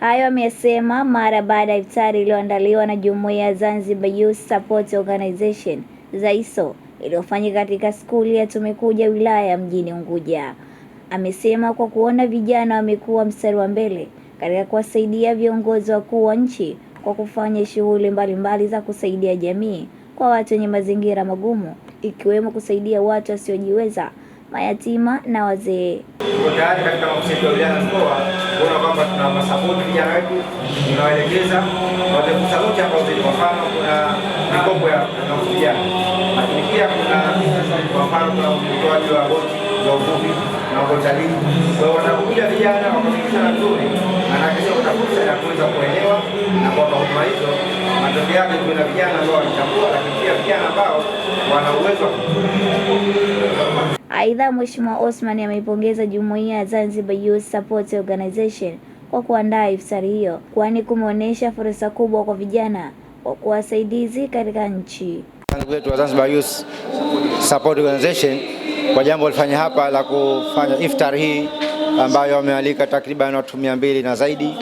Hayo amesema mara baada ya iftari iliyoandaliwa na jumuiya ya Zanzibar Youth Support Organization ZAYSO iliyofanyika katika skuli ya Tumekuja wilaya mjini Unguja. Amesema kwa kuona vijana wamekuwa mstari wa mbele katika kuwasaidia viongozi wakuu wa nchi kwa kufanya shughuli mbalimbali za kusaidia jamii kwa watu wenye mazingira magumu ikiwemo kusaidia watu wasiojiweza mayatima na wazee. Tuko tayari katika maofisi yetu ya wilaya na mkoa kuona kwamba tunawasapoti vijana wetu, tunawaelekeza wale kusapoti ambao kwa mfano kuna mikopo ya vijana, lakini pia kuna kwa mfano kuna utoaji wa boti za uvuvi na utalii. Kwa hiyo wanakuja vijana wakafikisha nzuri, maanake sio kuna fursa ya kuweza kuelewa na kwamba huduma hizo matokeo yake kuna vijana ambao wanachagua, lakini pia vijana ambao wana uwezo wa Aidha, Mheshimiwa Osman ameipongeza Jumuiya ya Zanzibar Youth Support Organization kwa kuandaa iftari hiyo, kwani kumeonyesha fursa kubwa kwa vijana kwa kuwasaidizi katika nchi wetu wa Zanzibar Youth Support Organization kwa jambo walifanya hapa la kufanya iftar hii ambayo wamealika takriban watu mia mbili na zaidi,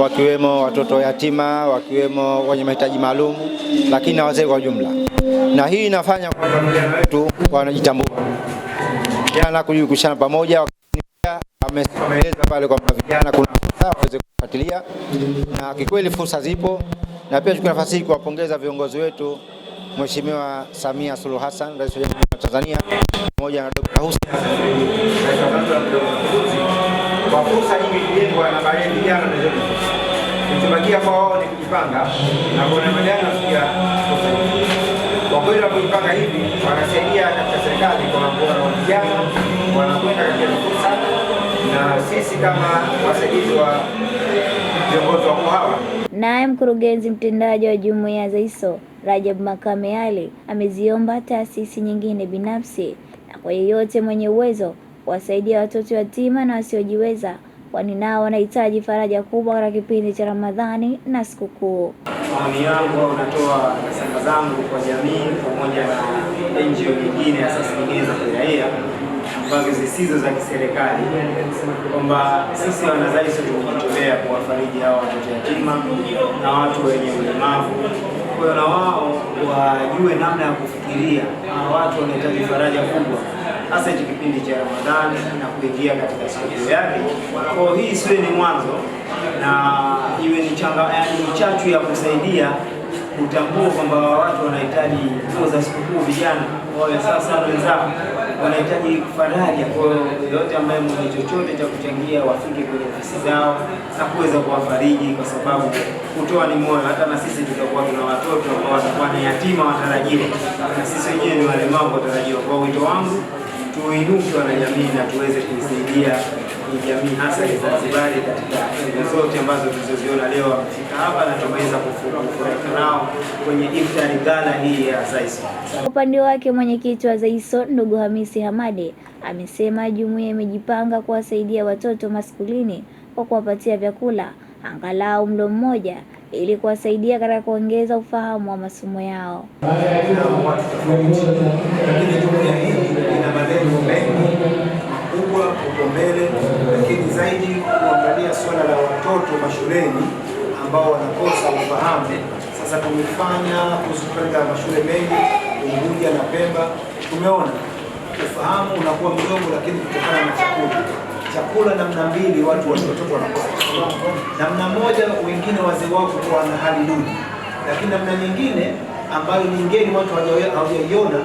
wakiwemo watoto yatima, wakiwemo wenye mahitaji maalum, lakini na wazee kwa ujumla, na hii inafanya kwa vijana wetu wanajitambua vijana kujikushana pamoja. Ameeleza pale kwamba vijana kuna fursa waweze kufuatilia, na kikweli fursa zipo, na pia chukua nafasi hii kuwapongeza viongozi wetu, Mheshimiwa Samia Suluhu Hassan, Rais wa Jamhuri ya Tanzania, pamoja na Dr. Hussein kwa fursa nyingi kujengwa na baadhi ya vijana tunazobakia kwa wao ni kujipanga na kuendelea na ya mgodi wa hivi wanasaidia katika serikali kwa kuona vijana wanakwenda katika vikundi sana, na sisi kama wasaidizi wa viongozi wakuu hawa. Naye mkurugenzi mtendaji wa jumuiya za ISO Rajab Makame Ali ameziomba taasisi nyingine binafsi na kwa yeyote mwenye uwezo kuwasaidia watoto yatima na wasiojiweza, kwani nao wanahitaji faraja kubwa katika kipindi cha Ramadhani na sikukuu maoni yangu au natoa nasema zangu kwa jamii pamoja na NGO nyingine hasa nyingine za kiraia ambazo zisizo za kiserikali, kwamba sisi wanazaisi tumejitolea kuwafariji hawa watoto yatima na watu wenye ulemavu. Kwa hiyo na wao wajue namna ya kufikiria, na watu wanahitaji faraja kubwa hasa hiki kipindi cha Ramadhani na kuingia katika sikukuu yake. Kwa hii isiwe ni mwanzo na iwe ni chachu ya kusaidia kutambua kwamba watu wanahitaji nguo za sikukuu, vijana wale sasa wenzao wanahitaji faraja. Kwa hiyo yoyote ambaye mwenye chochote cha kuchangia wafike kwenye ofisi zao na kuweza kuwafariji, kwa sababu kutoa ni moyo. Hata na sisi tutakuwa tuna watoto ambao watakuwa ni yatima watarajiwa, na sisi wenyewe ni walemavu watarajiwa. Kwa wito wangu tuinuke wanajamii na tuweze kuisaidia jamii hasa ya Zanzibar katika sehemu zote ambazo tulizoziona leo wamefika hapa na tumeweza kufurahika nao kwenye iftari gala hii ya Zaiso. Upande wake mwenyekiti wa Zaiso ndugu Hamisi hamade amesema jumuiya imejipanga kuwasaidia watoto maskulini kwa kuwapatia vyakula angalau mlo mmoja ili kuwasaidia katika kuongeza ufahamu wa masomo yao. Lakini dunia hii ina malengo mengi kubwa huko mbele, lakini zaidi kuangalia suala la watoto mashuleni ambao wanakosa ufahamu. Sasa tumefanya kuzunguka mashule mengi Unguja na Pemba, tumeona ufahamu unakuwa mdogo, lakini kutokana na chakula chakula namna mbili watu watoto wanakosa. Namna moja, wengine wazee wako wana hali duni, lakini namna nyingine ambayo ni ngeni watu hawajaiona,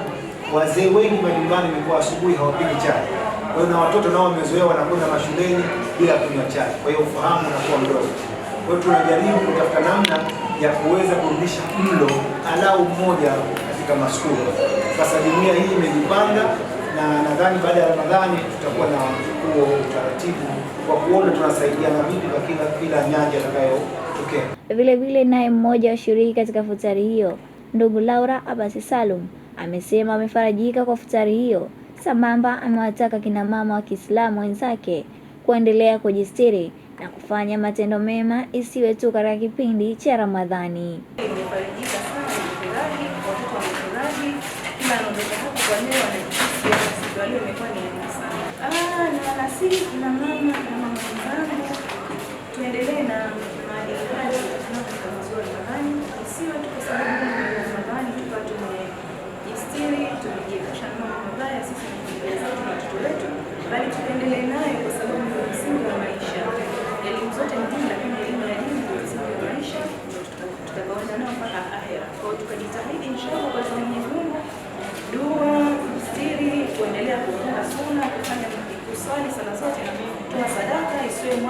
wazee wengi majumbani imekuwa asubuhi hawapiki chai, kwa hiyo na watoto nao wamezoea, wanakwenda mashuleni bila kunywa chai, kwa hiyo ufahamu unakuwa mdogo. Kwa hiyo tunajaribu kutafuta namna ya kuweza kurudisha mlo alau mmoja katika maskuli. Sasa dunia hii imejipanga na nadhani baada ya Ramadhani tutakuwa na huo utaratibu kwa kuona tunasaidiana vipi kwa kila kila nyanja Okay. Vile vile naye mmoja shiriki katika futari hiyo ndugu Laura Abasi Salum amesema amefarajika kwa futari hiyo. Sambamba amewataka kina mama wa Kiislamu wenzake kuendelea kujistiri na kufanya matendo mema isiwe tu katika kipindi cha Ramadhani. así, la mamá.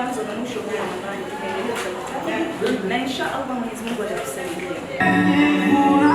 mwanzo na mwisho wa Ramadhani tukaendelea na insha Allah Mwenyezi Mungu atatusaidia.